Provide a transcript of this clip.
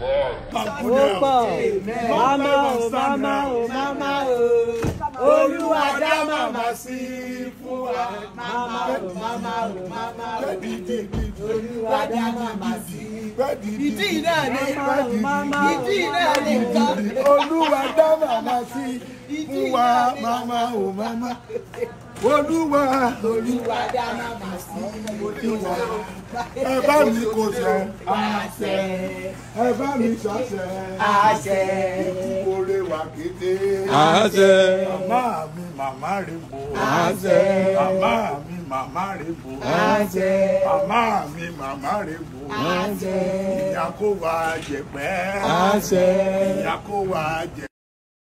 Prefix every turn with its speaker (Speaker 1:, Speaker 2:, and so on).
Speaker 1: ó
Speaker 2: pọ̀ mama o mama o mama o olúwa dá mama, sí fún wa mama o mama o mama o olúwa dá mama, sí ìdí náà ní ìdí náà ní nǹkan
Speaker 1: olúwa dá màmá sí fún wa mama o mama olúwa olúwa dáná máa sí olúwa ẹ bá mi kò sẹ àṣẹ ẹ bá mi sàṣẹ àṣẹ ìkórè wà kété àṣẹ màmá mi màmá rè bò àṣẹ màmá mi màmá rè bò àṣẹ
Speaker 2: màmá mi màmá rè bò àṣẹ ìyá kó wa jẹpẹ àṣẹ ìyá kó wa jẹpẹ.